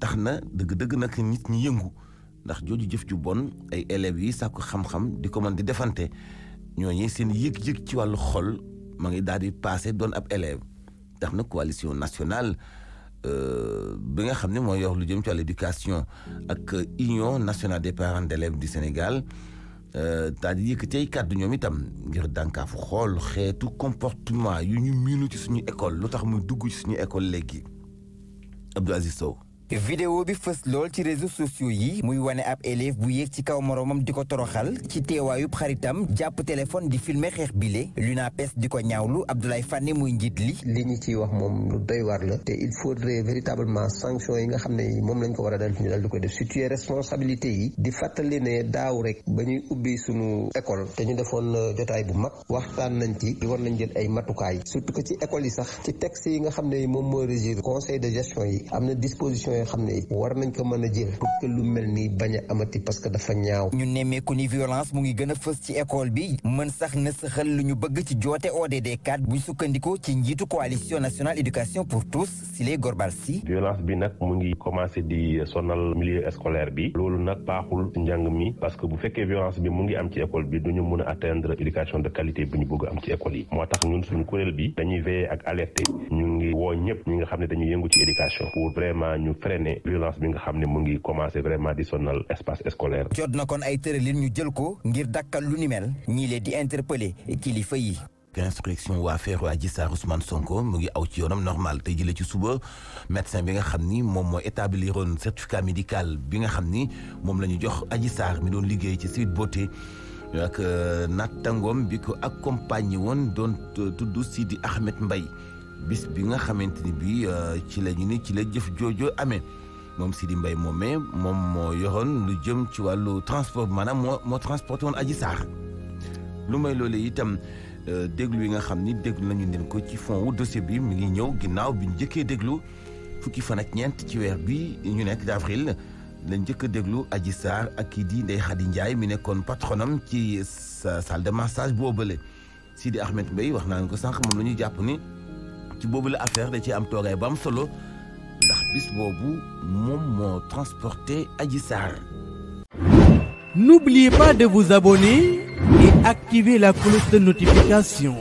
taxna deug deug nak nit ñi yëngu ndax joju jëf ju bon ay élèves yi sàkku xam-xam di ko man di defante ñooñu seen yek yek ci walu xol ma ngi daal di passé doon ab élève tax na coalition nationale euh, bi nga xam ne mooy lu jëm ci l'éducation ak union nationale des parents d'élèves du Sénégal euh, daal di yëkkati ay kàddu ñoom itam ngir dànkaafu xool xeetu comportement yu ñu miinu ci suñu école lu tax muy dugg ci suñu école léegi Abdou Aziz Sow vidéo bi fës lool ci réseaux sociaux yi muy wane ab élève bu yéeg ci kaw moroomam di ko toroxal ci teewaayub xaritam jàpp téléphone di filmer xeex bile l'UNAPES di ko ñaawlu Abdoulaye Fane muy njiit li. li ñu ciy wax moom lu doy waar la te il faudrait véritablement sanction yi nga xam ne moom lañ ko war a dal ñu dal di ko def situer responsabilité yi di fattali ne daaw rek ba ñuy ubbi sunu école te ñu defoon euh, jotaay bu mag waxtaan nañ ci di war nañ jël ay matukaay surtout que ci école yi sax ci texte yi nga xam ne moom moo régir conseil de gestion nga xam ne war nañ ko mën a jël pour que mel nii bañ a amati parce que dafa ñaaw. ñu nemmeeku ni violence mu ngi gën a fës ci école bi mën sax na saxal lu ñu bëgg ci joote ODD 4 buñ sukkandikoo ci njiitu coalition nationale éducation pour tous si les gorbal si. violence bi nag mu ngi commencé di sonal milieu scolaire bi loolu nag baaxul njàng mi parce que bu fekkee violence bi mu ngi am ci école bi du ñu mun a atteindre éducation de qualité bu ñu bëgg am ci école moo tax ñun kuréel bi dañuy veiller ak ngi woo ñëpp ñi nga xam ne dañuy yëngu ci éducation freiner violence bi nga xam ne mu ngi commencé vraiment di sonal espace scolaire. jot na kon ay tëralin ñu jël ko ngir dakkal lu ni mel ñii leen di interpeller kilifa yi. instruction waa feeru Adji Sarr Ousmane Sonko mu ngi aw ci yoonam normal tey jële ci suba médecin bi nga xam ni moom moo établiroon certificat médical bi nga xam ni moom la ñu jox ajisaar Sarr mi doon liggéey ci Sweet Beauté ak euh, nattangoom bi ko ak accompagné woon doon euh, tudd di Ahmed mbay bis bi nga xamante ni bii euh, ci la ñu ni ci la jëf joojo amee moom Sidi Mbaye moomee moom moo yoroon lu jëm ci wàllu transport maanaam moo moo transporté woon lu may loole itam euh, déglu yi nga xam ni déglu nañu leen ko ci fond wu dossier bi mi ngi ñëw ginnaaw bi ñu njëkkee déglu fukki fan ak ñeent ci weer bi ñu nekk d'avril lañ njëkk déglu aji Sarr ak kii di Ndeye Khady njaay mi nekkoon patronam ci salle de massage sii di Ahmed mbay wax naa ko sànq moom la ñu jàpp ni. Qui boobu la affaire da ci am bam solo ndax bis bobu mom transporté N'oubliez pas de vous abonner et activer la cloche de notification.